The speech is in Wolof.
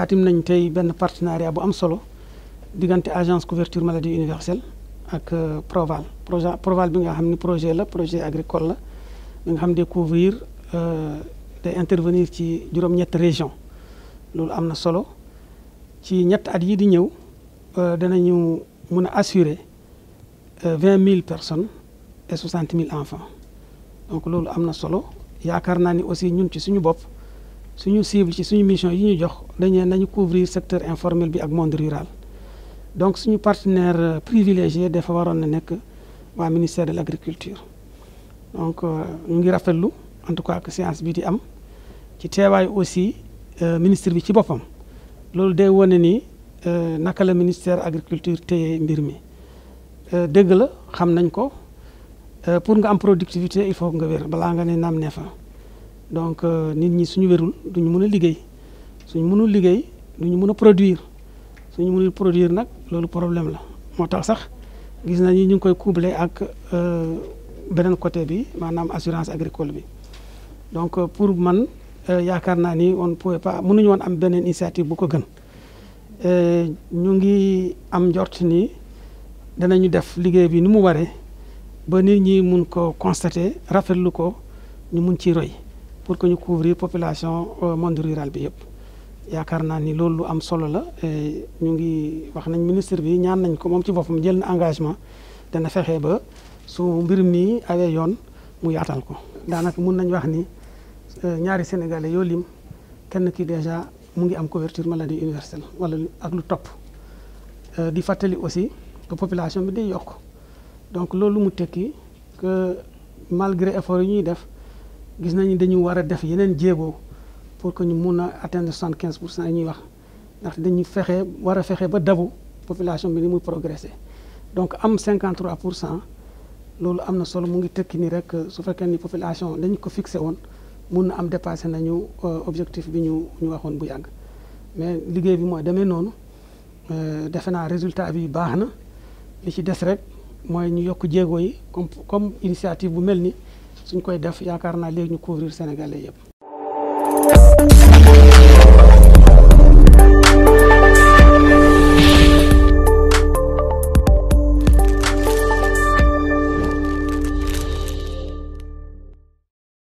xaatim nañ tey benn partenariat bu am solo diggante agence couverture maladie universelle ak euh, Proval projet Proval bi nga xam ne projet la projet agricole la bi nga xam ne couvrir euh, day intervenir ci juróom-ñett région loolu am na solo ci ñett at yi di ñëw euh, danañu mun a assurer vingt mille personnes et soixante mille enfants donc loolu am na solo yaakaar naa ni aussi ñun ci suñu bopp. suñu cible ci suñu mission yi ñu jox dañu nañu couvrir secteur informel bi ak monde rural donc suñu partenaire euh, privilégié dafa waroon na nekk waa ministère de l' agriculture donc euh, ñu ngi rafetlu en tout cas que séance bi di am ci teewaayu aussi euh, ministre bi ci boppam loolu day wane ni naka la ministère agriculture téye mbir mi dëgg la xam nañ ko pour nga am productivité il faut nga wér balaa nga ne naam ne fa donc euh, nit ñi suñu wérul duñu mën a liggéey suñu mënul liggéey duñu mën a produire suñu mënul produire nag loolu problème la moo tax sax gis nañu ñu ngi koy coubler ak euh, beneen côté bi maanaam assurance agricole bi donc euh, pour man yaakaar naa ni on pouvait pas mënuñu woon am beneen initiative bu ko gën ñu ngi am njort ni danañu def liggéey bi ni mu waree ba nit ñi mun ko constater rafetlu ko ñu mun ci roy pour que ñu couvrir population euh, monde rural bi yëpp yaakaar naa ni loolu lu am solo la ñu ngi wax nañ ministre bi ñaan nañ ko moom ci boppam jël na engagement dana fexee ba su mbir mi awee yoon mu yaatal ko daanaka mun nañ wax ni euh, ñaari sénégalais yoo lim kenn ki déjà mu ngi am couverture maladie universelle wala ak lu topp euh, di fàttali aussi que population bi day yokk donc loolu mu tekki que malgré effort yi ñuy def gis nañu dañu war a def yeneen jéego pour que ñu mun a atteindre soixante quinze pour cent yi ñuy wax ndaxte dañuy fexe war a fexe ba dabu population bi ni muy progresser donc am cinquante trois pour cent loolu am na solo mu ngi tekki ni rek euh, su fekkee ni population dañ ko fixé woon mun na am dépassé nañu euh, objectif bi ñu ñu waxoon bu yàgg mais liggéey bi mooy demee noonu euh, defe naa résultat bi baax na li ci des rek mooy ñu yokk jéego yi comme comme initiative bu mel ni suñ koy def yaakaar naa léegi ñu couvrir Sénégalais yëpp.